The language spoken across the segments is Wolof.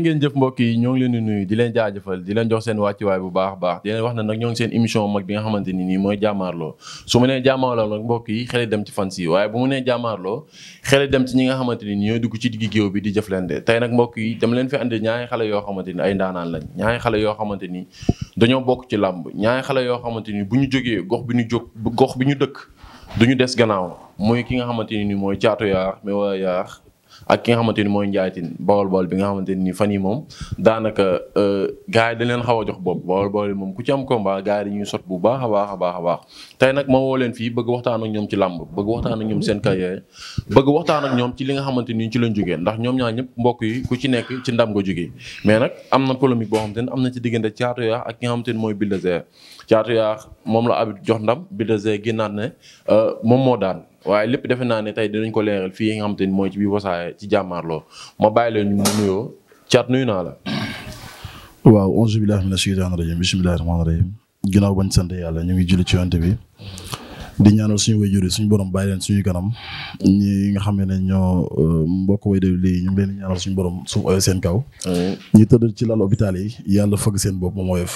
jërë ngeen jëf mbokk yi ñoo ngi leen di nuyu di leen jaajëfal di leen jox seen wàccuwaay bu baax baax di leen wax ne nag ñoo ngi seen émission mag bi nga xamante ni nii mooy jàmmaarloo su mu nee jàmmaarloo nag mbokk yi xel dem ci fans yi nee jàmmaarloo xel dem ci ñi nga xamante ni ñooy dugg ci diggi géew yoo xamante ni ni dañoo bokk ci làmb ñaari xale yoo xamante ni bu ñu jógee gox bi ñu jóg gox bi ñu dëkk duñu des gannaaw mooy ki nga xamante ni mooy caatu yaax mais yaax ak ki nga xamante ni mooy Ndiaye Tine Bawol Bawol bi nga xamante ni fan yi moom daanaka euh, gars yi dañ leen xaw a jox bopp Bawol Bawol moom ku ci am combat gars yi dañuy sot bu baax a baax a baax a baax tey nag ma woo leen fii bëgg waxtaan ak ñoom ci làmb bëgg waxtaan ak ñoom seen carrière bëgg waxtaan ak ñoom li nga xamante ni ci lañ jógee ndax ñoom ñaar ñëpp mbokk yi ku ci nekk ci ndam nga jógee mais nag am na polémique boo xamante ni am na ci diggante Thiatou Yakh ak ki nga xamante ni mooy Bulldozer moom la abit jox ndam Bulldozer génnaat ne euh, moom moo daan waaye lépp defe naa ne tey dinañ ko leeral fii yi nga xam te ni mooy ci biir wasaare ci jàmmaarloo ma bàyyi leen mu nuyoo caat nuyu naa la. waaw auzu billaahi mina sheytaani rajiim bismillaahi rahmaani ginnaaw bañ sant yàlla ñu ngi julli ci yonent bi di ñaanal suñu wayjur suñu borom bàyyi leen suñu kanam ñi nga xam ne ñoo euh, mbokk way lii ñu leen di suñu borom suuf oyof seen kaw. ñi tëdd ci lal hôpital yi yàlla fëgg seen bopp moom oyof.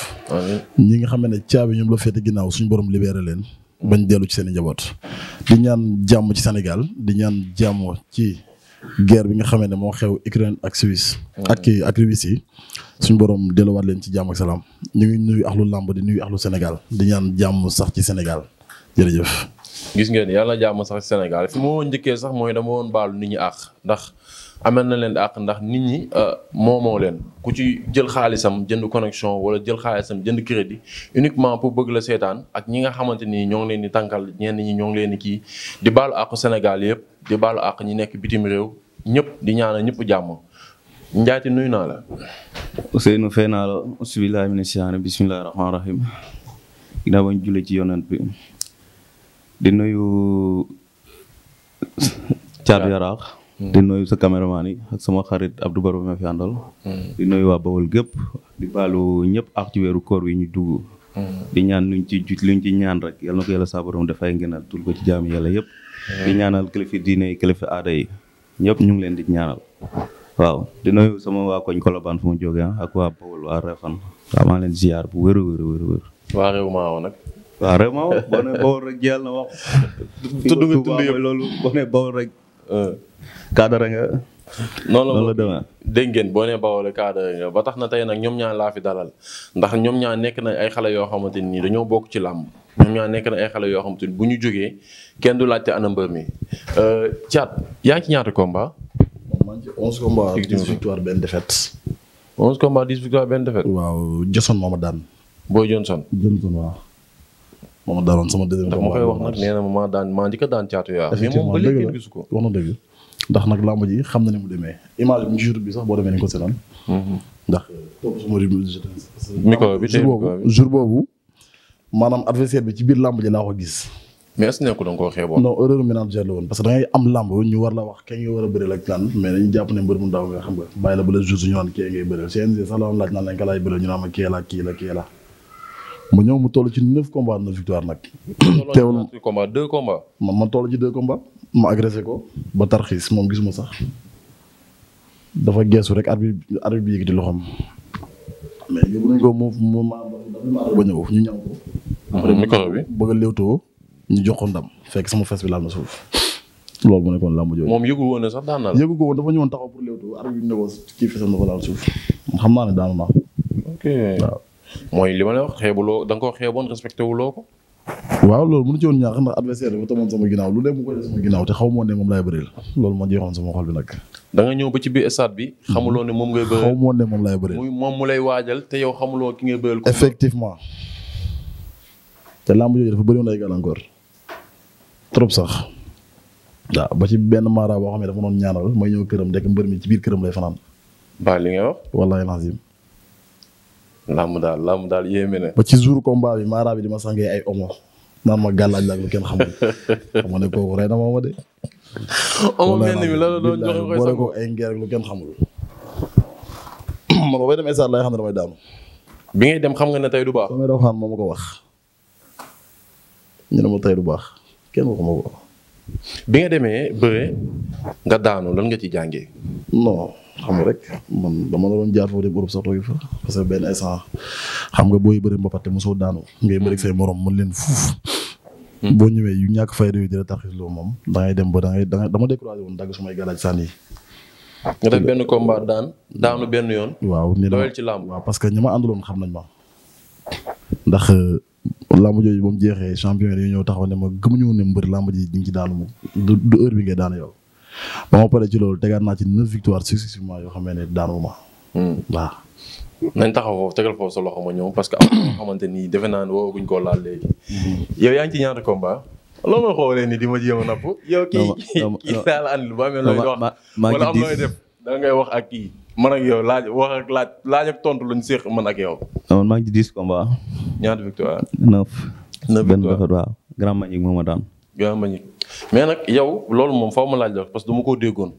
ñi nga xam ne caabi ñoom la féete ginnaaw suñu borom libéré leen. bañ dellu ci seen njaboot di ñaan jàmm ci Sénégal di ñaan jàmm ci guerre bi nga xamee ne moo xew Ukraine ak Suisse. Mm-hmm. ak ak Russie suñ borom delluwaat leen ci jàmm ak salaam ñu ngi nuyu axlu làmb di nuyu axlu Sénégal di ñaan jàmm sax ci Sénégal jërëjëf. gis ngeen yàlla jàmm sax ci Sénégal fi ma njëkkee sax mooy dama woon baalu nit ñi àq ndax. amal na leen àq ndax nit ñi euh, moomoo leen ku ci jël xaalisam jënd connexion wala jël xaalisam jënd crédit uniquement pour bëgg la seetaan ak ñi nga xamante ni ñoo ngi leen di tànkal ñenn ñi ñoo ngi leen di kii di baalu àq Sénégal yëpp di baalu àq ñi nekk bitim réew ñëpp di ñaanal ñëpp jàmm Njaati nuyu naa la. Ousseynou feenaa naa la bisimilah mina shaytaani bisimilah rahmaani rahiim ba ñu ci yonent bi di nuyu Thiatou Yarakh di nuyu sa caméraman yi ak sama xarit Abdou Baro ma fi àndal. Mm. di nuyu waa Bawol gépp di baalu ñëpp ak ci weeru koor wi ñu dugg. Mm. di ñaan luñ ci jut luñ ci ñaan rek yal na ko yàlla saa borom dafay ngënal tul ko ci jaam yàlla yëpp. di mm. ñaanal kilifa diine yi kilifa aada yi ñëpp ñu ngi leen di ñaanal. waaw di nuyu sama waa koñ Colobane fu mu jógee ah, ak waa Bawol waa Refan waaw maa leen ziar bu wér a wér a waa réew Maawo waa réew Maawo boo nee Bawol rek jël na cadre nga. noonu la demee dégg ngeen boo nee Bawol cadre nga ba tax na tey nag ñoom ñaa laa fi dalal ndax ñoom ñaa nekk na ay xale yoo xamante ni dañoo bokk ci làmb ñoom ñaa nekk na ay xale yoo xamante ni bu ñu jógee kenn du laajte ana mbër mi euh, Thiat yaa ngi ci ñaata combat. maa ngi ci 11 combats 10 victoires benn défaite. 11 benn défaite. waaw Johnson moo ma daan. boo Johnson. Johnson waaw. moo ma daanoon sama deuxième combat. dama koy wax nag nee na maa daan maa njëkk a daan caatu yaa. effectivement moom ba léegi ndax nag làmb ji xam na ni mu demee image bi mu bi sax boo ko mhm. ndax topp sama rythme boobu jour boobu maanaam adversaire bi ci biir làmb ji laa ko gis. mais est-ce que nekkul da nga koo xeeboon. non erreur ménagère la woon parce que am làmb ñu war la wax kenn nga war a bëreel ak kan mais dañu jàpp ne mu ndaw nga xam nga bàyyi la ba le jour suñu naan kii ngay bëreel sax la woon laaj naan lañ ka laay bëreel la ma ñëw mu toll ci neuf combats neuf victoire nag. teewul combat ma toll ci de combats ma agressé ko ba tarxiis moom gisuma sax dafa geesu rek arbitre bi arbitre bi yëkkati loxoom mais ko moom ma ba ñu ñaw ko. après micro bi bëgg a ñu jox ko ndam fekk sama fees bi laal na suuf. loolu moo nekkoon làmb jooju. moom woon ne sax daan la. yëgu ko woon dafa ñëwoon taxaw pour léewtoo arbitre bi ne ko kii feesam dafa laal suuf xam naa ne daanu naa. mooy li ma la wax xeebuloo da nga koo xeeboon respecté wuloo ko. waaw loolu mënu ci ñaax ndax adversaire dafa tamoon sama ginnaaw lu dem mu koy te xaw ma ne moom laay bëreel loolu moo jeexoon sama xol bi nag ñëw ba ci biir stade bi mhm. xamuloo ne moom ngay bëreel xaw ma woon moom laay bëreel muy moom mu lay waajal te yow xamuloo ki ngay bëreel ko te làmb jooju dafa bëri woon ay gàllankoor trop sax waaw ba ci benn maara boo xam ne dafa noon ñaanal may ñëw këram dekk mbër mi ci biir këram lay fanaan ba li ngay wax wallahi lazim làmb daal làmb daal yéeme na. ba ci jour combat bi maara bi di ma sàngee ay omo naan ma gàllaaj laaj lu kenn xamul xam ne kooku rey ma bi ba dem esaat lay xam ne damay daanu. bi ngay dem xam nga ne tey du baax. damay ko wax. ñu baax kenn waxuma ko. bi nga demee bëre nga daanu lan nga ci jàngee. non. xam nga rek man dama la doon jaar foofu dem parce que benn instant xam nga booy bëri mbapat te mosoo daanu ngay bëri say morom mën leen fuuf hmm. boo ñëwee yu ñàkk fayda yu dina tarxis loolu moom da ngay dem ba da dama découragé woon dagg sumay galaaj sànni yi nga def benn combat daan daanu benn yoon waaw ni doyal ci làmb waaw parce que ñu ma àndaloon xam nañ ma ndax euh, làmb jooju ba mu jeexee champion yi ñëw taxaw ne ma gëmuñu woon ne mbër làmb ji ñu ngi ci daanu du heure bi ngay daanu yow ba ma pare ci loolu tegaat naa ci neuf victoires successivement yoo xam ne daanu ma. Hmm. nañ taxaw foofu tegal foofu sa loxo ma ñëw parce que am na xamante ni defe naa ne wooguñ koo laal léegi. Hmm. yow yaa ngi ci ñaata combat. loo ma xoolee ni di ma jéem a napp. yow kii kii saa lu ba amee looy wax. wala am looy def ngay wax ak kii. man ak yow laaj wax ak laaj laaj tontu luñ séq man ak yow. man maa ngi ci dix combat. ñaata victoire. neuf. neuf victoire grand Mbagnick moo ma daan. Yoya Mbagnick mais nag yow loolu moom faw ma laaj la parce que dama koo déggoon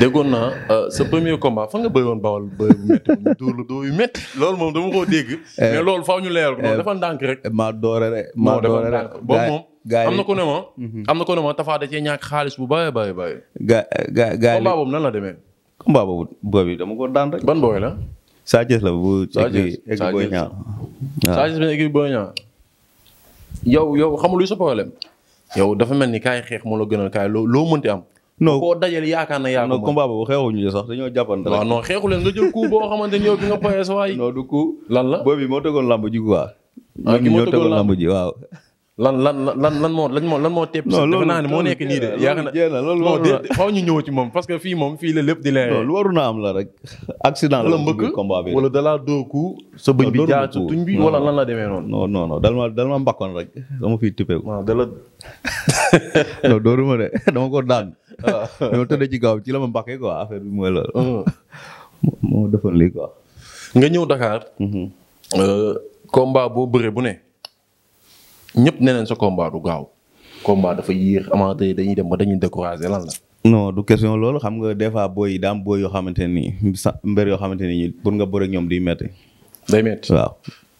déggoon naa euh, sa premier combat fan nga bëri woon bawal bëri bu métti ñu dóor la dóor yu métti loolu moom dama koo dégg. Eh. mais loolu faw ñu leeral ko noonu eh. dafa ndànk rek. maa doore rek maa doore rek boobu moom. am na ko ne ma. Mhm. am na ko ne ma Tapha da cee ñàkk xaalis bu bëree bëri bëri. ga ga gaa combat boobu nan la demee. combat boobu boobu dama ko daan rek. ban booy la. Sa Thiès la bu. Sa Thiès Sa Thiès Sa Thiès bi équipe booy ñaar. yow yow xamul luy sa problème yow dafa mel ni kaay xeex moo la gënal kaay loo loo mënti am. non ko dajal yaakaar na yaakaar. non combat boobu xeexuñu de sax dañoo jàppante rek. waaw non xeexu leen nga jël coup boo xamante ni yow bi nga poyee sa waay. non du coup. lan la boobu moo tëggoon làmb ji quoi. ah ki moo tëggoon làmb ji waaw. lan lan lan lan moo lan moo lan moo tepp. naa ne moo nekk nii de. yaakaar naa jéem a ñu ñëw ci moom parce que fii moom fii la lépp di leer. loolu waru naa am la rek. accident la mbëkk combat bi wala dalaa dooku. sa bëñ bi jaar sa tuñ bi wala lan la demee noonu. non non non dal ma dal ma mbakkoon rek dama fiy tippee. waaw dala. non dooruma de dama ko daan. waaw ah. dama tëddee ci ci la ma mbakkee ko affaire bi mooy mm. la moo defoon lii quoi. nga ñëw dakaar mm-hmm. euh, combat boo bëree bu ne. ñëpp neneen sa combat du gaaw combat dafa yéex amateur dañuy dem ba dañuy découragé lan la. non du question loolu xam nga des fois booy yi daam booy yoo xamante ni sa mbër di metti day metti waaw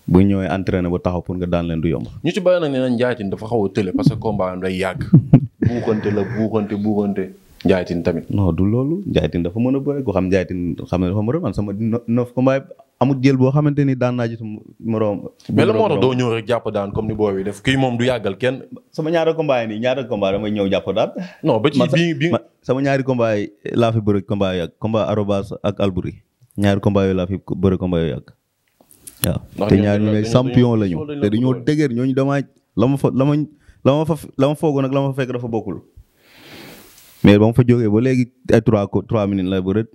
bu ñëwee nag nee dafa xaw tële parce que combat am day yàgg. buuxante la buuxante buuxante. njaatin tamit. non du loolu njaatin dafa mën a bëre ku xam njaatin xam ne dafa mën a sama neuf combat amul jël boo xamante ni daan naa gis moroom. mais la moo tax doo ñëw rek jàpp daan comme ni booy def kii moom du yàggal kenn. sama ñaari combat yi nii ñaari combat damay ñëw jàpp daan. non ba ci bi bi sama ñaari combat laa fi bëre combat yi ak combat Arobas ak Albouri ñaari combat yooyu laa fi bëre combat yooyu ak waaw. te ñaari ñu champion la ñu te dañoo dëgër ñooñu damaa lama ma fa la ma la ma la ma foogoon ak la ma fa fekk dafa bokkul mais ba fa jógee ba léegi ay trois minutes la bëre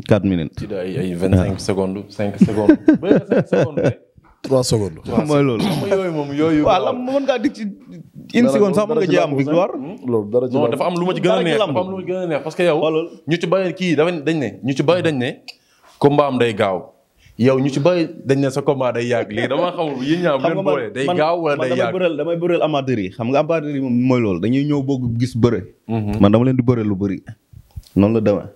4 minutes. ci ay ay 25 secondes 5 secondes. mooy yooyu moom yooyu. waaw lam sax hmm? ma ci gën a neex dafa am lu ma ci gën a neex parce que yow. ñu ci bàyyi kii dafa dañ ne ñu ci dañ ne. combat am day gaaw. yow ñu ci bàyyi dañ ne sa combat day yàgg léegi dama xamul yéen ñaar bu leen boole day gaaw wala damay bëreel amateur yi xam nga ba yi moom mooy loolu dañuy ñëw boog gis bëre. Mhm. man dama leen di bëreel lu bëri noonu la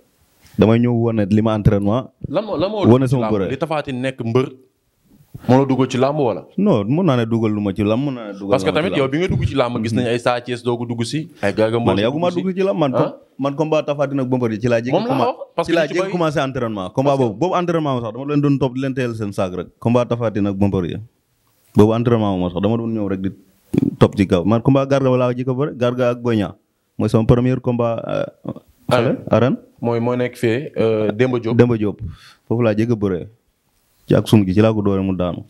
damay ñëw wane li ma entraînement. lan moo lan moo sama bëre li tafaati nekk mbër. moo la duggal ci làmb wala. non mun naa ne dugal lu ma ci làmb mun naa ne dugal parce que tamit yow bi nga dugg ci làmb gis nañ ay Sa Thiès doo ko dugg si. ay Garga Mbossé dugg si man ci làmb man. Ah? man combat ak Bombardier ci que ci laa jege commencé entraînement. combat boobu boobu entraînement sax dama leen doon topp leen teyal seen saag rek. combat Tapha Tine ak Bombardier boobu entraînement ma sax dama doon ñëw rek di topp kaw man combat Garga laa ji ko bëre Garga ak Boy Niang mooy sama premier combat. Euh, mooy moo nekk fee euh, Demba Diop. Demba Diop foofu laa jëgg a bëree ci ak sun gi ci laa ko doore mu daanu.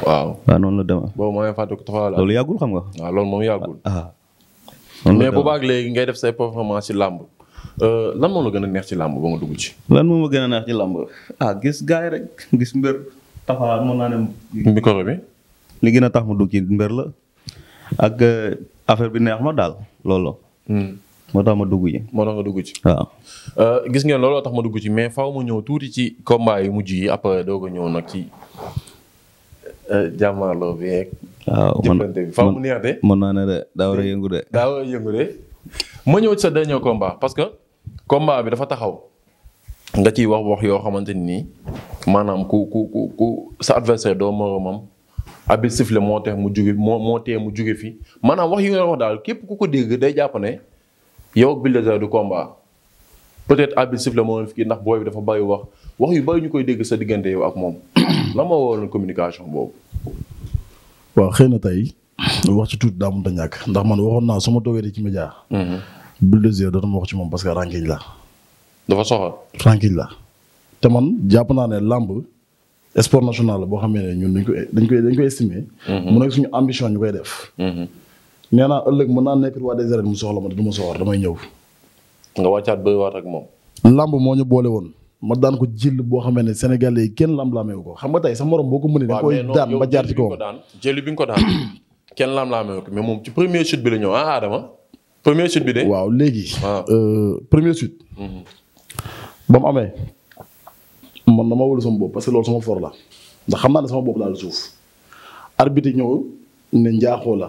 waaw waaw noonu la demee. boobu mooy ngi fàttaliku Tapha xam nga. waaw loolu moom yàggul. ah, ah. mais léegi ngay def say performance ci làmb. Euh, lan moom la gën a neex ci làmb ba nga dugg ci. lan moom la gën a neex ci làmb. ah gis gaay rek gis mbër. Tapha mën naa ne. micro bi. li gën a tax mu dugg ci mbër la. ak euh, affaire bi neex ma daal loolu. moo tax ma dugg yi moo tax nga dugg ci. waaw. Euh, gis ngeen looloo tax ma dugg ci mais faw ma ñëw tuuti ci kombaa yu mujj yi après doog a ñëw nag ci euh, jàmmaarloo bi yeeg. mën naa ne daa yëngu daa war ma ñëw ci sa dernier parce que combat bi dafa taxaw nga ciy wax wax yoo xamante ni maanaam ku ku ku sa adversaire doo moromam abi sifle moo tax mu jóge moo moo tee mu jóge fi maanaam wax yi nga wax daal képp ku ko dégg day jàpp ne. yow ak Bulldozer du combat peut-être arbitre siffle moo fi ndax booy bi dafa bari wax wax yu bari ñu koy dégg sa diggante yow ak moom la moo waroon communication boobu. waaw xëy na tey wax ci tuuti daa mënta ndax man waxoon naa su ma toogee ci média. Mhm. Bulldozer dootuma wax ci moom parce que ranking la. dafa soxal. ranking la te man jàpp naa ne làmb sport national la boo xamee ne ñun dañ koy dañ koy dañ koy estimer. Mhm. mu suñu ambition ñu koy def. Mhm. nee naa ëllëg mën naa nekk roi des arènes mu soxla ma du ma soxor damay ñëw. nga wàccaat ba waat ak moom. lamb moo ñu boole woon ma daan ko jill boo xamee ne Sénégalais yi kenn lamlaamewu ko xam nga tey sa morom boo ko mënee. da koy daan ba jaar ci kawam jëli bi nga ko daan kenn lamlaamewu ko mais moom ci premier chute bi la ñëw ah Adama. premier chute bi de. waaw léegi. Euh, premier chute. Mhm. ba mu amee man dama wëlu sama bopp parce que loolu sama for la ndax xam naa ne sama bopp laa la suuf arbitre ñëw ne njaaxoo la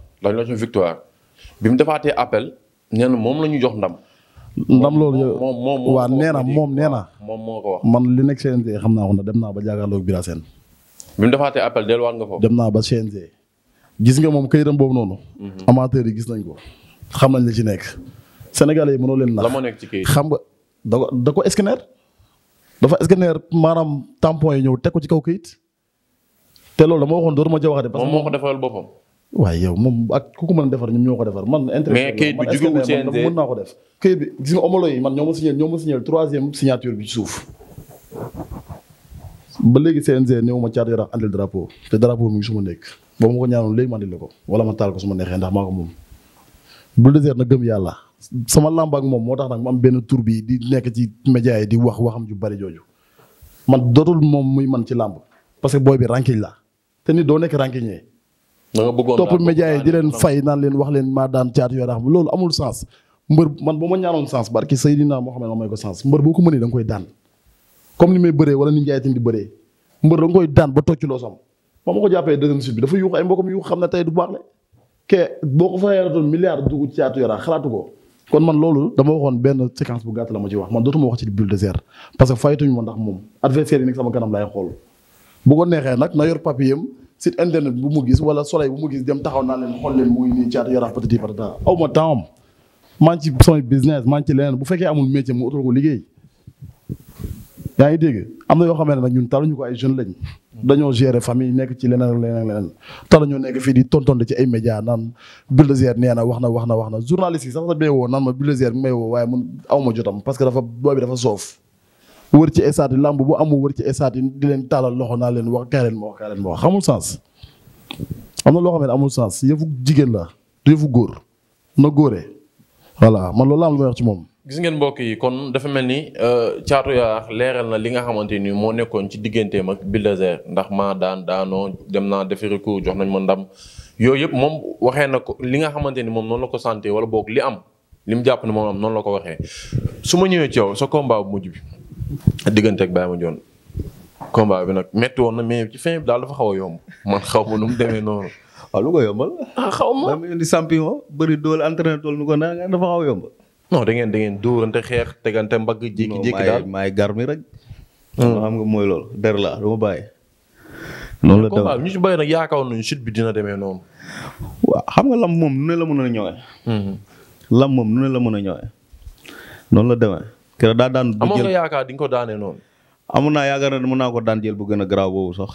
dañu la jox bi mu defaatee appel nee moom la ñu jox ndam. ndam loolu yow waa nee moom nee na moom moo man li nekk CNG xam naa ko ndax dem naa ba jàkkaarloo ak Bira Sène. bi mu defaatee appel delluwaat nga dem naa ba CNG. gis nga moom këyitam boobu noonu. Mhm. amateurs yi gis nañ ko. xam nañ li ci nekk. Sénégalais yi mënoo leen nax moo nekk ci këyit xam nga da ko da ko scanner dafa scanner maanaam tempon yi ñëw teg ci kaw këyit te loolu dama waxoon dootuma jawaxate. parce que moom moo ko defal boppam. waaye yow moom ak ku ko mën a defar ñoom ñoo ko defar man. intérêt mais kayit bi jugewul CNG mën naa ko def. kayit bi gis nga homologué yi man ñoo ma signé ñoo ma suuf ba léegi CNG néew ma caat yaraax andil drapeau te drapeau mi ngi su ma nekk ba ma ko ñaanoon léegi ma andil ko wala ma taal ko su ma neexee ndax maa ko moom. Buldozer na gëm yàlla sama làmb ak moom moo tax nag mu am benn tur bi di nekk ci média yi di wax waxam ju bari jooju man dootul moom muy man ci làmb parce que booy bi rankiñ la te nit doo nekk rankiñee da nga bëggoon topp média di leen fay naan leen wax leen maa daan caatu yoo rax loolu amul sens mbër man ba ma ñaanoon sens barki Seydina Mohamed ma may ko sens mbër boo ko mënee di bëree koy daan ba tocc loo sam ba ma ko jàppee deuxième suite bi dafa yuux ay mbokam yuux xam ne tey du baax le kee boo ko fa yaratoon milliard dugg caatu yoo xalaatu ko kon man loolu dama waxoon benn séquence bu gàtt la ma ci wax man dootuma wax ci bulldozer parce que na yor papier site internet bu mu gis wala soleil bu mu gis dem taxaw naa leen xool leen muy nii caatu Yaraax Petit Patata aw ma temps maa ngi ci sama business maa ngi ci leen bu fekkee amul métier mu utal ko liggéey yaa ngi dégg am na yoo xam ne nag ñun ñu ko ay jeunes lañ dañoo gérer famille nekk ci leneen ak leneen ak leneen taluñoo nekk fii di tontonte ci ay média naan Bulldozer nee na wax na wax na wax na journaliste yi sax sa bee naan ma Bulldozer may woo waaye mun aw ma jotam parce que dafa boobi dafa soof wër ci estade làmb bu amul wër ci estade di leen taalal loxo naa leen wax kaay leen ma wax kaay leen ma wax xamul sens. am na loo xam ne amul sens yëfu jigéen la du góor na góore voilà man loolu am ci moom. gis ngeen mbokk yi kon dafa mel ni euh, Thiatou Yarakh leeral na li nga xamante ni moo nekkoon ci digganteem ak Bulldozer ndax maa daan daanoo dem naa defi recours jox nañ ma ndam yooyu yëpp moom waxee na ko li nga xamante ni moom noonu la ko santé wala boog li am li mu jàpp ne moom noonu la ko waxee su ma ñëwee ci yow sa combat mujj bi. diggante ak Baye Mandione combat bi nag metti woon na mais ci fin bi daal dafa xaw a yomb man xaw ma nu mu demee noonu. waaw lu ko yombal. ah xaw ma da di doole entraîné tool nu ko naan dafa a yomb. non da ngeen da ngeen dóorante xeex tegante mbagg. jékki-jékki daal non maay gar rek. Hmm. xam mooy loolu der la du ma bàyyi. noonu la demee combat ñu si bàyyi nag yaakaaroon nañu bi dina demee noonu. waaw xam nga lam moom nu ne la mën a hmm. moom nu ne mën a ñëwee. noonu la demee. keroog daa daan. bu jël amoon nga yaakaar di nga ko daane noonu. amoon naa yaakaar ne mën naa ko daan jël bu gën a garaaw boobu sax.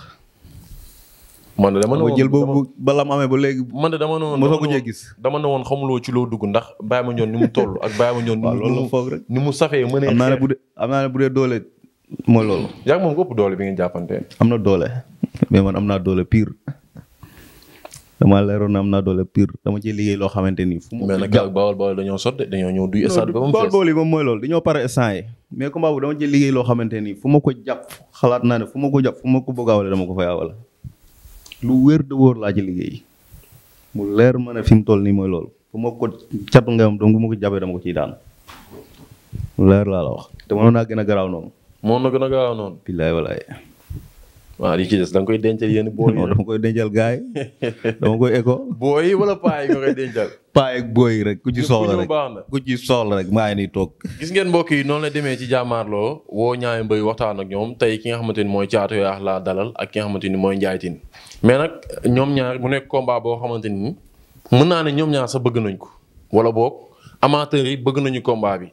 man de dama ne woon jël boobu bala mu amee ba léegi. man de dama ne woon mosoo ko cee gis. dama ne woon xamuloo ci loo dugg ndax ma Mandione ni mu toll ak Baye Mandione. waaw loolu la foog rek ni mu safee ma am naa ne bu dee am naa ne bu dee doole mooy loolu. yaa ngi moom ëpp doole bi ngeen jàppante. am na doole mais man am naa doole piir damaa leeroon na am naa doole pire dama ci liggéey loo xamante ni. fu mu mais nag bawol bawol dañoo sotti dañoo ñëw duy stade ba mu fees bawol bawol yi ni fu ma ko jàpp xalaat naa ne fu ma ko jàpp fu ma ko bëgg awale dama ko fay awale lu wér de wóor laa ci liggéey mu leer ma ne fi mu toll nii mooy lool fu ma ko cat nga am donc bu ma ko jàppee dama ko ciy daan mu leer laa la wax te mënoon naa gën a garaaw noonu. moo na gën a garaaw noonu. billaay walaay. waaw li ci des da koy dencal yéen booy yi. dama koy dencal gaay dama koy écho. booy wala paa yi booy rek ku ci soxla rek ku ci soxla rek maa ngi nii toog. gis ngeen mbokk yi noonu la demee ci jàmmaarloo woo ñaari mbëy waxtaan ak ñoom tey ki nga xamante ni mooy Caatu Yaax laa dalal ak ki nga xamante ni mooy Njaay mais nag ñoom ñaar bu nekk combat boo xamante ni mën naa ne ñoom ñaar sax bëgg nañ ko wala boog amateurs yi bëgg nañu kombaa bi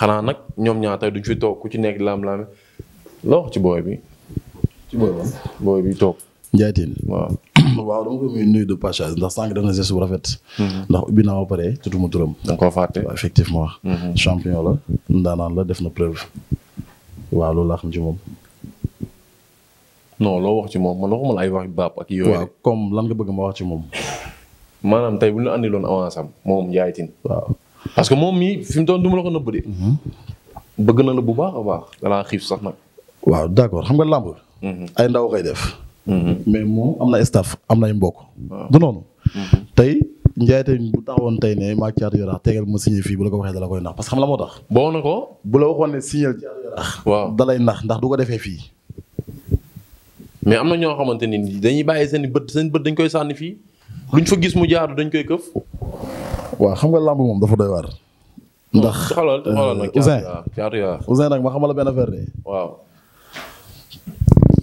xanaa nag ñoom ñaar tey duñ fi toog ku ci nekk laam lam loo wax ci booy bi ci booy bi toog. Ndiaye Tine waaw. waaw dama koy nuyu de passage ndax sànq def na geste bu rafet. Mhm. ndax ubbi naa ba pare tudduma turam. da koo fàtte waaw effectivement. Mhm. champion la. ndaanaan la def na preuve. waaw loolu laa xam ci moom. non loo wax ci moom man waxuma la ay wax baab ak yooyu. waaw lan nga bëgg ma wax ci moom. maanaam tey bu ñu la andiloon avance moom Ndiaye waaw parce que moom mii fi mu doon du a la ko nëbb de. Mhm. bëgg na la bu baax a baax. danaa xiif sax nag. waaw d'accord xam nga làmb. Mm-hmm. ay ndaw koy def. Mm-hmm. mais moom am na staff am na ay mbokk. du noonu. Mm-hmm. tey Ndiaye bu taxawoon tey ne maa Thiatou Yarakh tegal ma signé fii bu la ko waxee dala koy nax parce que xam la moo na ko. bu la waxoon ne signé dalay nax ndax du ko defee fii. mais am na ñoo xamante ni dañuy bàyyi seen i bët seen bët dañ koy sànni fii luñ fa gis mu jaadu dañ koy këf. waaw xam nga làmb moom dafa doy war ndax xoolal xoolal euh, nag. Ouzin Thiatou Yarakh Ouzin nag ma xamal la benn affaire de.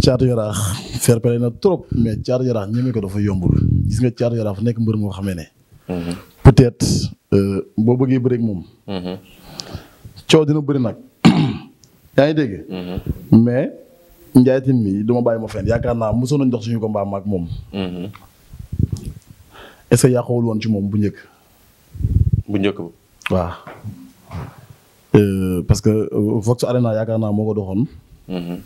Caatu Yaraax fair na trop mais Caatu Yaraax ñeme ko dafa yombul gis nga Caatu Yaraax nekk mbër moo xamee ne. peut-être euh, boo bëggee bëreeg moom. coow dina bëri nag yaa ngi dégg. mais Ndiaye Tine mi du bàyyi ma fenn yaakaar naa mosoon nañ dox suñu ko mbaam ak moom. est-ce que woon ci moom bu njëkk. bu njëkk ba. waaw euh, parce que euh, Vox Arena yaakaar naa moo ko doxoon. Mhm.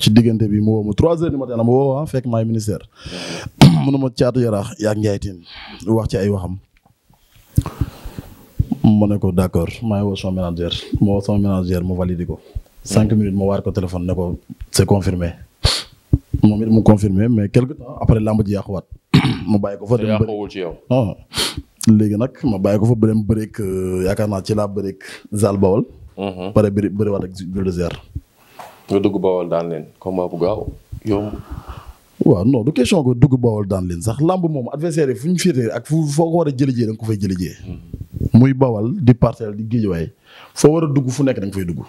ci diggante bi mu woo ma trois heures du matin la ma woo ah fekk maay ministère mënu ma caatu yaraax yaa ngi njaaytin wax ci ay waxam. ma ne ko d' accord maay woo sama manager ma woo sama manager mu validé ko. cinq minutes ma waar ko téléphone ne ko c' est moom it mu confirmé mais quelque temps après làmb ji mu bàyyi ko fa. dem yàquwul ci yow ah nag ma bàyyi ko fa ba dem bëreeg euh, yaakaar naa ci laa bëreeg Zal Bawol. Mhm. pare bëri bëriwaat ak Bulldozer nga dugg bawol daan leen combat bu gaaw yomb. waaw non du question ko dugg bawol daan leen sax lamb moom adversaire fu ñu féetee ak fu foo ko war a jëlijee da nga ko fay jëlijee. Hmm. muy bawal di parcelle di géejuwaay foo war a dugg fu nekk da nga fay dugg.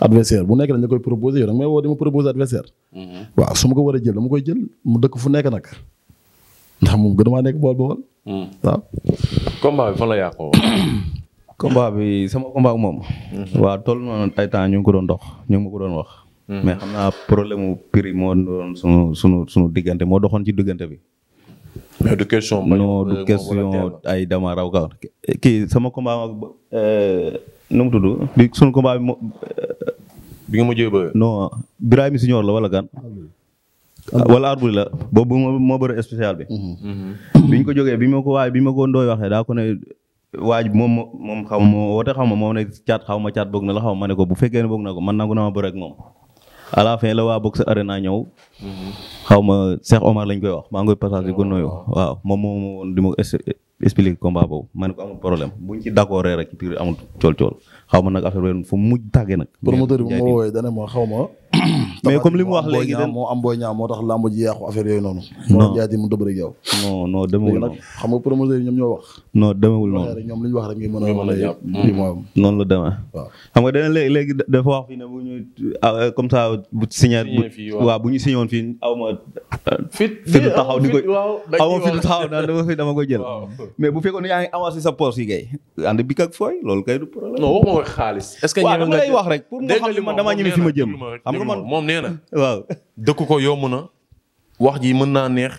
adversaire bu nekk dañ la koy proposé yow da nga may woo di ma proposé adversaire. Hmm. waaw su ma ko war a jël dama koy jël mu dëkk fu nekk nag. ndax moom gën maa nekk bool bool. Hmm. waaw. combat bi sama combat ak moom. Mhm. waaw toll noonu ay temps ñu ngi ko doon dox ñu ngi ma ko doon wax. Mhm. mais xam naa problème mu prix moo doon sunu sunu sunu diggante moo doxoon ci diggante bi. mais du question. non du euh, question ay dama raw ka kii sama combat ak euh, nu mu tudd bi sunu combat bi mo. bi nga mujjee ba. non Birahim Senior la wala gan. wala arbuli la boobu moo bëri spécial bi. Mhm. biñ ko jógee bi ma ko waaye bi ma ko ndooy waxee daa ko waaj moom moom xaw ma woote xaw ma moom ne caat xaw ma caat boog na la xaw ma ne ko bu fekkee ne bëgg na ko man nangu na ma bëre ak moom à la fin la waa boxe arena mm-hmm. xaw ma Cheikh Omar lañ koy wax maa ngi koy passage di ko nuyu waaw moom moom ma di ma expliquer combat boobu ma ne ko amul problème buñ ci d'accord rek ci biir amul cool cool xaw ma nag affaire fu mujj tàggee nag promoteur bi ma wooyee dana xaw ma mais comme li mu wax léegi de moo am booy ñaaw moo tax làmb ji a a la demee. waaw xam nga dana léegi léegi dafa wax fii ne bu ñu di ko aw ma fitu taxaw naan dama fi dama ko jël. mais bu fekkoon yaa ngi avancé sa poche yi kay. ànd bi ak fooy loolu kay du problème. non waxuma xaalis. est-ce que wax rek pour nga xam man dama ñeme fi ma jëm xam nga ma moom nee na. waaw dëkk ko yomb na. wax ji mën naa neex.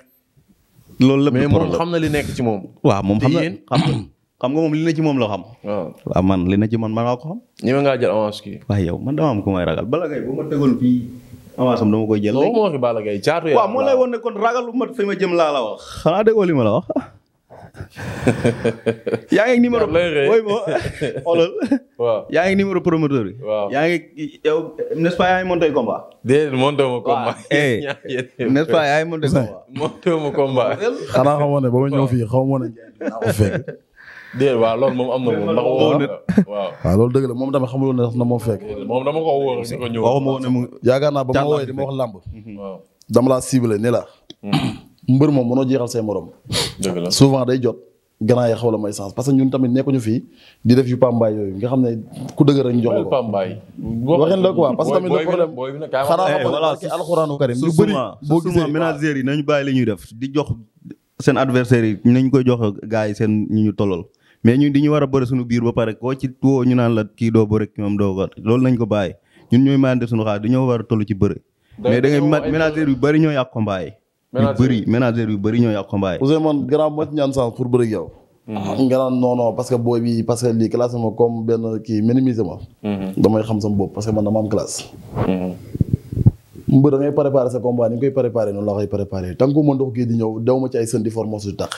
loolu la mais moom xam na li nekk ci moom. waaw moom xam na xam nga moom li na ci moom la xam. waaw man li na ci man maa ko xam. ñeme ngaa jël avance kii. waaw yow man dama am ku may ragal Balla Gaye bu ma tegoon fii avance am dama koy jël. léegi moo waxi Balla Gaye caatu ma jëm laa la wax. xanaa déggoo li ma la wax. yaa ngi ak numéro. ngi ak numéro promoteur bi. waaw yaa ngi yow pas yaa ngi monté combat. déedéet pas yaa ngi monté combat. xanaa xamoon ne ba ma ñëw fii xamoon ne naa ko fekk. déedéet waaw loolu dëgg la moom tamit xamuloo ne na moom dama waxuma woon mu yaakaar naa ba ma woowee di dama laa ciblé ne hmm. mbër moom mënoo jeexal say morom. souvent day jot. gannaaw yi xaw la may sens parce que ñun tamit nekkuñu fii di def yu pambaay yooyu nga xam ne ku dëgg ñu jox ko pambaay waxin la quoi parce que tamit le problème xanaa xam eh, alxuraanu karim ñu bëri boo gisee ménagères ñuy def di jox seen adversaire yi nañ koy jox gars yi seen ñu ñu tolol mais ñu di ñu war a bëri suñu biir ba pare koo ci woo ñu naan la kii doo bëri moom doo ko loolu nañ ko bàyyi ñun ñooy maande suñu xaar di ñoo war a toll ci bëri mais da ngay yu bëri ñoo yàq combat yi yu bëri manager yu bëri ñoo yàq combat yi. Ousseyn man grand ma ci ñaan sens pour bëri yow. nga mm-hmm. ah, naan non non parce que booy bi parce que lii classé ma comme benn kii minimisé ma. Mm-hmm. damay xam sama bopp parce que man dama am classe. Mm-hmm. mbër da ngay préparé sa combat ni nga koy préparé noonu la koy préparé tant que mën dox kii di ñëw dew ma ci ay sën di formos yu tax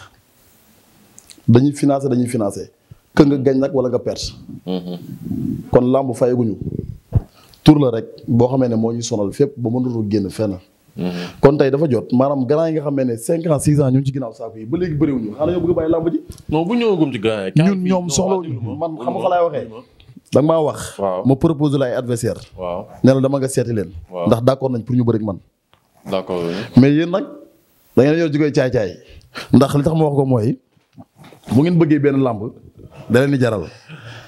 dañuy financé dañuy financé que nga gañ nag wala nga perte. kon làmb fayaguñu tur la rek boo xamee ne moo ñu sonal fépp ba mënul génn fenn. kon tey dafa jot maanaam grand yi nga xam ne cinq ans six ans ñu ngi ci ginnaaw saako yi ba léegi bëriwuñu xanaa yow bëgg a bàyyi làmb ji non bu ñëwagum ci grand yi ñun ñoom soxlawuñu man xam nga waxee danga maa wax ma propose la ay adversaire waaw ne la dama nga seeti leen ndax d'accord nañ pour ñu bëri ak man mais yéen nag da ngeen yor jugee caay-caay ndax li tax ma wax ko mooy bu ngeen bëggee benn làmb da di jaral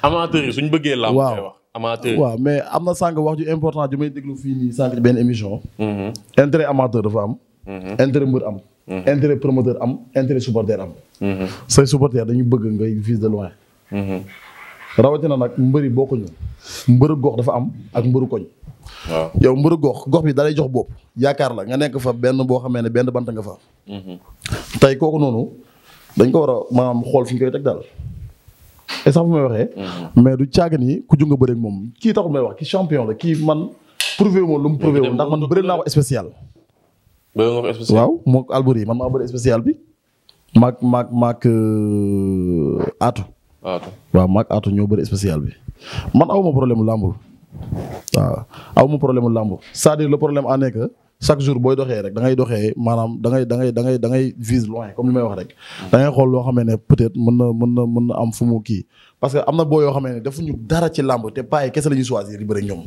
amateur yi suñ bëggee làmb waaw amateur waaw mais am na sànq wax ju important ju may déglu fii nii sànq benn émission. Mm-hmm. intérêt amateur dafa am. Mm-hmm. intérêt mbër am. Mm-hmm. intérêt promoteur am intérêt supporter am. say supporter dañu bëgg ngay vise de loin. rawatina nag mbëri bokkuñu mbëru gox dafa am ak mbëru koñ. waaw mbër mbëru gox gox bi da lay jox bopp yaakaar la nga nekk fa benn boo xamee ne benn bant nga fa. tey kooku noonu dañ ko war a maam xool fi ñu koy teg daal. et sax bu may waxe mais du caaga ku junng bëri moom kii taxul may wax ki champion la kii man prouvé lu mu prouvé ndax man bëri naa ko spécial. bëri nga ko spécial waaw moog Alboury man maa bëri bi. maag maag maag euh, aatu. waaw maag aatu ñoo bëri spécial bi man aw ma problème mu làmb. waaw aw ma problème mu làmb c'est-à-dire chaque jour booy doxee rek da doxee maanaam da dangay da da ngay da ngay vise loin comme li may wax rek. da ngay xool loo xamee ne peut-être mën na mën na mën na am fu mu kii parce que am na boo yoo xamee ne defuñu dara ci làmb te paa yi kese choisir di bëri ñoom.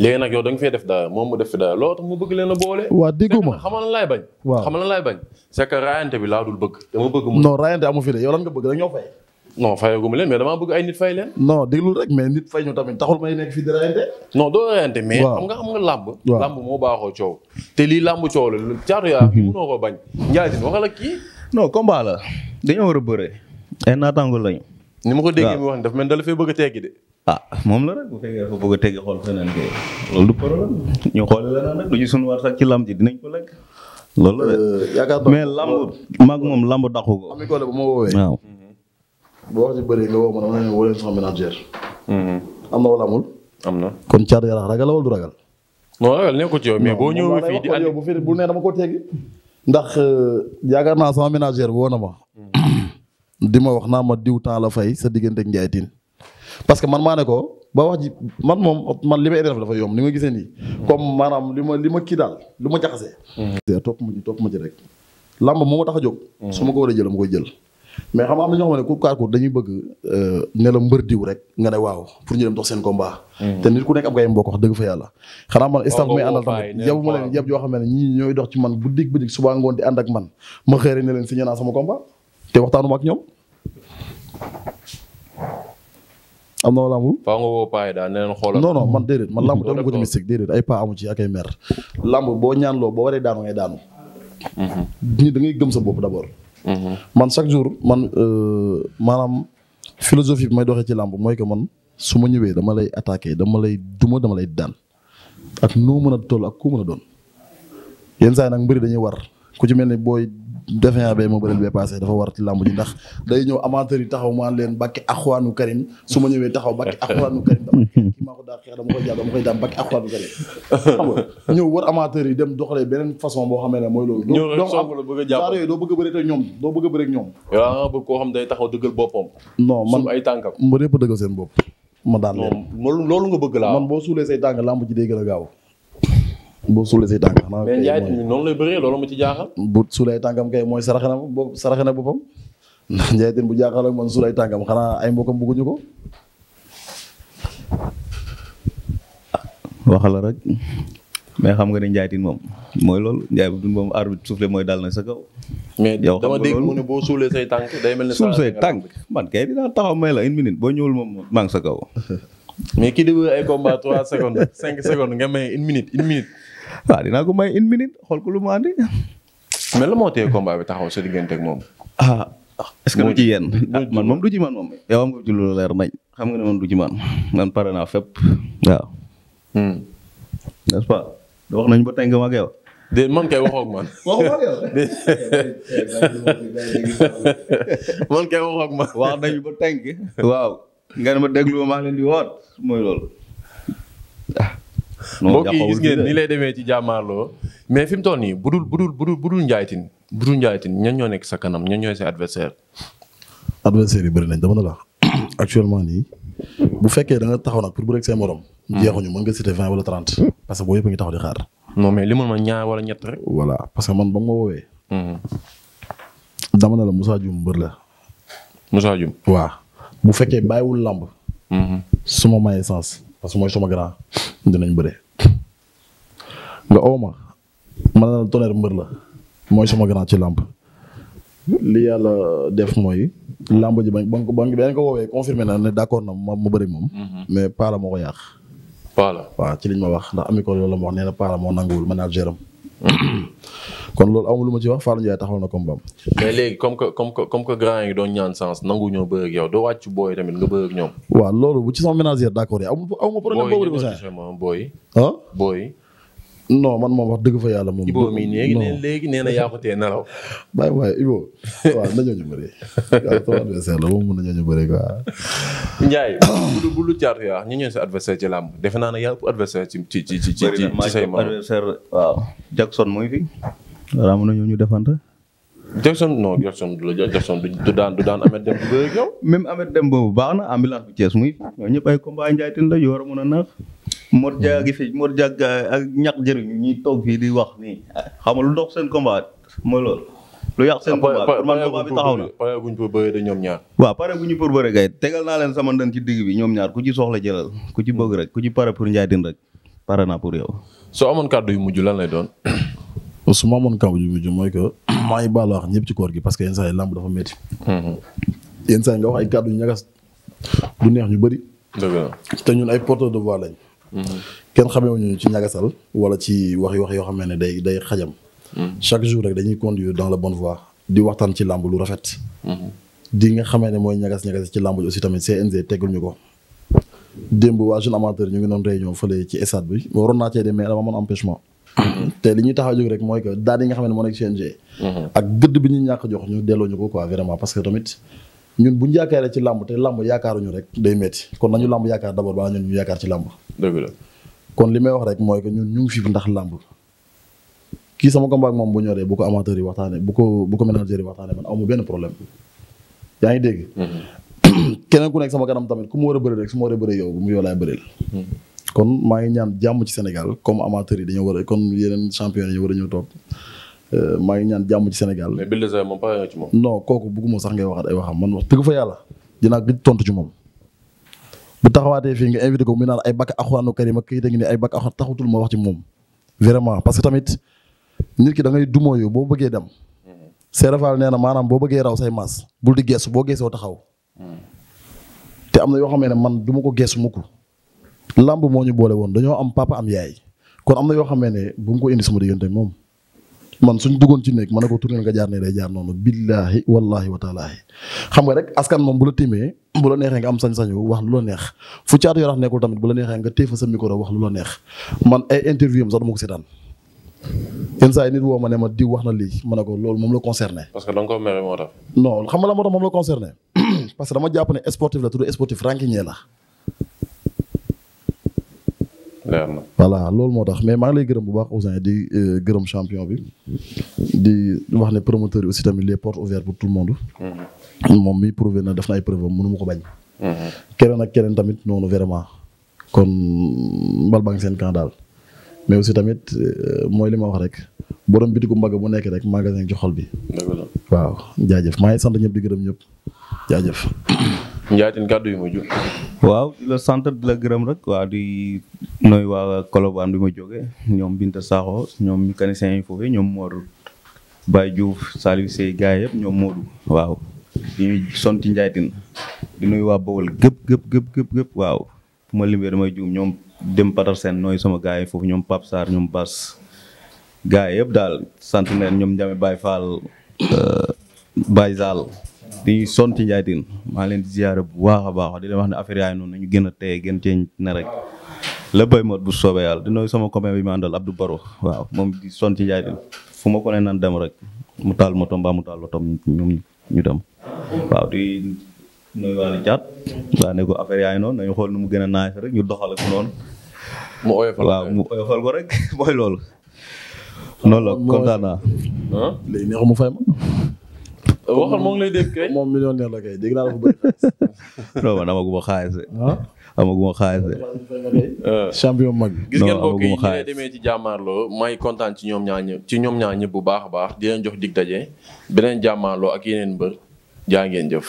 léegi nag yow da nga fee def dara moom mu def fi dara loolu tax mu bëgg leen a boole. waa déggu ma xamal lan laay bañ. waaw xamal lan laay bañ. c'est que raayante bi laa dul bëgg. dama bëgg mu non raayante amu fi de yow lan bëgg rek ñoo non fayaguma leen mais damaa bëgg ay nit fay leen. non déglu rek mais nit fay ñu tamit taxul may nekk fi di rayante. non doo rayante mais. xam nga xam nga làmb. waaw làmb moo baaxoo coow. te lii làmb coow la caatu yaa kii mhm. mënoo ko bañ. Ndiaye di waxal ak kii. non combat la dañoo war a bëre. ay naataango lañu. ni ma ko déggee mi wax ni dafa mel ni da la a ah, moom la rek bu fekkee bëgg a teggi xool feneen kay loolu du problème ñu xool lu ñu sunu war sax ci làmb ji dinañ ko lekk. loolu la de euh, yaakaar mais làmb maag moom làmb dàqu ko. am ma waaw boo wax ci bëri nga ma dama ne woo leen sama ménagère. Mhm. am na wala amul. am na kon Thiatou Yarakh ragal wala du ragal. non ragal nekkul ci yow mais boo ñëwee fii bu fi ne dama ko teggi ndax euh, yaakaar naa sama ménager woo na ma. Mm. di ma wax naa ma diw temps la fay sa diggante ak Ndiaye Tine parce que man maa ne ko ba wax ji man moom man li may def dafa yomb li ma gisee nii. comme maanaam li ma li ma kii daal li ma jaxasee. Mm. topp ma ci topp ma ci rek. làmb moo ma tax a jóg. Mm. su ma ko war ma koy jël. mais xam am na ñoo xam ne court carcourt dañuy bëgg euh, ne la mbër diw rek nga ne waaw pour ñu dem dox seen combat. Mm. te nit ku nekk am ngay mbokk dëgg fa yàlla xanaa man oh, staff may oh, àndal ma leen yab xam ne ñii dox ci man bu dig bu man ma xëy ne leen si ñanaa sama combat te waxtaanuma ak ñoom am na wala amul. faa nga woo paa yi daal man déedéet man lamb dama ko déedéet ay paa amu ci ak mer. lamb boo ñaanloo boo waree daanu ngay daanu. Mm-hmm. nit da ngay gëm sa bopp d'abord. man chaque jour man euh, maanaam philosophie bi may doxee ci làmb mooy que man su ma ñëwee dama lay attaqué dama lay duma dama lay daan ak noo mën a toll ak ku mën a doon yenn saa yi nag mbëri dañuy war ku ci mel ni booy defeaa ba moo bëral bee passé dafa war ci làmb ji ndax day ñëw amateur yi taxaw maan leen bàkki axwaanu karim su ma ñëwee taxaw bàkki axwaanu karim dama kii maa ko daal xeex dama koy jàll dama koy daan bàkki axwaanu karim xam ñëw war amateur yi dem doxalee beneen façon boo xamee ne mooy loolu donc saar yooyu doo bëgg bëri ak ñoom doo bëgg a bëri ak ñoom waaw ah, bëgg koo xam day taxaw dëggal boppam non man ay tànkam seen bopp ma daan leen loolu nga bëgg laa man boo suulee say tànk làmb ji day gën a gaaw boo suulee say tànk. xanaa ah, mais Ndiaye tamit noonu lay bëree loolu ma ci jaaxal. bu suulee kay mooy saraxe na boobu saraxe na boppam ndax Ndiaye bu jaaxal ak man suulee xanaa ay mbokkam bëgguñu ko. waxala rek mais xam nga ne Ndiaye Tine moom mooy loolu Ndiaye bu dun moom arbitre mooy daal na sa kaw. mais dama dégg mu boo suulee say tànk day mel ne. suul say tànk taxaw may la une minute boo ñëwul moom maa ngi sa kaw. mais kii di ay combat 3 secondes 5 secondes nga may une minute une minute. waa dinaa ko may une minute xool ko lu mu andi. mais la moo téye combat bi taxaw sa diggante ak moom. ah est-ce que du ci yéen. Ah, man moom du ci man leer nañ. xam nga ne man du ci man man pare naa fépp. waaw. Hmm. n'est-ce pas. wax nañu ba tey nga ma ak yow. déet man kay waxoo ak wax nañu ba tënk. waaw. nga ma déglu ma maa leen di woot mooy loolu. Ah. mbokk yi gis ngeen ni lay demee ci jàmmaarloo mais fi mu toll nii budul budul njaay budul bu budul njaaytin ñan ñoo nekk sa kanam ñan ñooy sa adversaire adversaire yi bëri nañ dama ne la actuellement nii bu fekkee da nga taxaw nag pour bu rek seen morom hmm. jeexuñu mën nga citer vingt wala trente parce que boo yëpp ngi taxaw di xaar non mais li ma ma ñaar wala ñett rek voilà parce que man ba ma woowee hmm. dama ne la Moussa bëri la Moussa Dioum bu fekkee bàyyiwul lamb hmm. su ma mayee sens parce que mooy sama grand dinañ bëre nga oo man na Tonnerre mbër la mooy sama grand ci làmb li yàlla def mooy làmb ji bañ bañ ko bañ ko woowee confirmé na ne d'accord na ma ma bëri moom. Mhm. mais Paala moo ko yàq. Paala waaw ci liñ ma wax ndax ami ko loolu la ma wax nee Paala moo nanguwul ma manager am kon loolu amul lu ma ci wax a Ndiaye taxaw na comme bam mais léegi comme que comme que comme a grand yi doon ñaan sens nangu ñoo bëgg ak yow doo wàcc booy tamit nga bëgg ak ñoom. waaw loolu ci sama ménagère d'accord yi amul amul problème boobu de. booy yi non man moom wax dëgg fa yàlla moom. Ibo mii léegi nee léegi nee na yaa ko tee nelaw. bàyyi waaye Ibo waaw nañoo ñu bëree waaw sama adversaire la moom mën nañoo ñu bëree quoi. Ndiaye. ci làmb defe ne yaa ëpp adversaire ci ci ci ci ci mooy fi. waaw mën nañoo ñu defante. Jackson non Jackson du la Jackson du daan du daan Ameth Deme du bëri ak yow. même baax na ambulance bu Thiès muy fi ñooñu ñëpp ay combat la yu war a mën a neex. Mor Dia gi fi Mor Dia ak ñax jëriñ ñi toog fii di wax nii xam nga lu dox seen combat mooy loolu. lu yàq seen combat pour man combat bi taxaw na pare guñ pour bëre de ñoom ñaar. waaw pare guñu pour bëre kay tegal naa leen sama ndën ci digg bi ñoom ñaar ku ci soxla jëlal ku ci bëgg rek ku ci pare pour Ndiaye Tine rek pare naa pour yow. soo amoon kàddu yu mujj lan lay doon. su ma amoon kàddu yu mujj mooy que maa ngi baalu wax ñëpp ci koor gi parce que yenn saa yi làmb dafa métti. Mm-hmm. yenn saa yi nga wax ay kàddu yu ñagas du neex ñu bëri. dëgg ay porteurs de voix kenn xamewuñu ci ñagasal wala ci wax wax yoo xam ne day day xajam. Hmm. chaque jour rek dañuy conduire dans la bonne voie di waxtaan ci làmb lu rafet. Hmm. di nga xamee ne mooy ñagas ñagas ci làmb ji aussi tamit CNG teggul ñu ko. démb waa jeune amateur ñu ngi doon réunion fële ci stade bi waroon naa cee dem mais dama amoon empêchement. Hmm. te li ñuy taxaw jóg rek mooy que daan yi nga xam ne moo nekk CNG. ak gëdd bi ñu ñàkk jox ñu delloo ñu ko quoi vraiment parce que tamit. ñun bu ñu yaakaaree ci làmb te làmb yaakaaruñu rek day métti kon nañu làmb yaakaar d'abord baa ñun ñu yaakaar ci làmb. dëgg kon li may wax rek mooy que ñun ñu ngi fi ndax làmb kii sama combat ak moom bu ñoree bu ko amateur yi waxtaanee bu ko bu ko manager yi waxtaanee man amu benn problème yaa ngi dégg. Mm-hmm. keneen ku nekk sama kanam tamit ku mu war a bëri rek su ma war a bëri yow bu mu yow laay bëreel. Mm-hmm. kon maa ngi ñaan jàmm ci Sénégal comme amateur yi dañoo war a kon yeneen champion yi dañoo war a ñëw toog Euh, maa ngi ñaan jàmm ci senegal mais Bill non kooku bëgguma sax ngay waxat ay waxam man wax dëgg fa yàlla dinaa gëj tontu ci moom. bu taxawaatee fii nga invité ko mu naan ay bakk axuraanu karima kii da ne ay bakk axuraan taxutul ma moom. vraiment parce que tamit nit ki da ngay dumoo boo bëggee dem. Mm-hmm. Serafal nee na maanaam boo bëggee raw say maas bul di geesu boo geesoo taxaw. Mm-hmm. te am na yoo xam ne man du ma ko geesu mukk lamb moo ñu boole woon dañoo am papa am yaay kon am na yoo xam ne bu ko indi sama diggante moom. man suñ duggoon ci néeg ma ne ko tourné nga jaar noonu billaahi wallaahi wataalaahi xam nga rek askan moom bu la tiimee bu la neexee nga am sañ-sañu wax lu la neex fu caatu yaraax nekkul tamit bu la neexee nga téye sa micro wax lu la neex man ay interview am sax dama ko seetaan yenn saa yi nit woo ma ne ma di wax na lii ma ne ko loolu moom la concerné. parce que da dama jàpp ne sportif la tudd sportif rànkiñee la. voilà loolu moo tax mais maa ngi lay gërëm bu baax Ouzin di euh, gërëm champion bi di wax ne promoteur yi aussi tamit les portes ouvertes pour tout le monde. Mm-hmm. moom mi prouvé na def na ay preuve am mënu ko bañ. Mm-hmm. keneen ak keneen tamit noonu vraiment kon mbal baa ngi seen camp daal mais aussi tamit euh, mooy li ma wax rek borom bitigu mbagg bu nekk rek magasin ci bi. waaw jaajëf maa ngi sant ñëpp di gërëm ñëpp jaajëf. Ndiaye Tine kàddu di la sant la gërëm rek waa di. nooy waa Colobane bi ma jóge ñoom Binta Sakho ñoom mécanicien yi foofu ñoom Modou Baye Diouf Saliou Sey gars yëpp ñoom Modou waaw ñuy son ci njaaytin di nuyu waa gëpp gëpp gëpp gëpp gëpp waaw ma limbee damay juum ñoom dem patar seen nooy sama gars yi foofu ñoom Pape Sarr ñoom Bass gars yëpp daal sant neen ñoom Njame Baye Fall euh, Baye Zal di son ci njaaytin maa leen di ziyaare bu baax a baax di leen wax ne affaire yaay noonu ñu gën a téye gën cee ne rek la béy bu soobee yàlla di nuyu sama copain bi ma àndal Abdou Baro waaw moom di son ci jaay fu ma ko ne nan dem rek mu taal motom mbaa mu taal lotom ñu dem waaw di nuyu waale jaat waa ne ko yaay noonu nañu xool nu mu gën a naaj rek ñu doxal ko noonu mu oyofal waaw ko rek mooy loolu noonu la kontaan naa waxal moo lay dégg kay. moom millionnaire la kay dégg naa dafa bëri xaalis. non amaguma xaalis ah? amaguma xaalis ah. champion mag. gis ngeen mbokk yi lay demee ci jàmmaarloo may kontaan ci ñoom ñaar ñëpp ci ñoom ñaar ñëpp bu baax a baax di jox dig daje beneen jàmmaarloo ak yeneen mbër jaa ngeen jëf.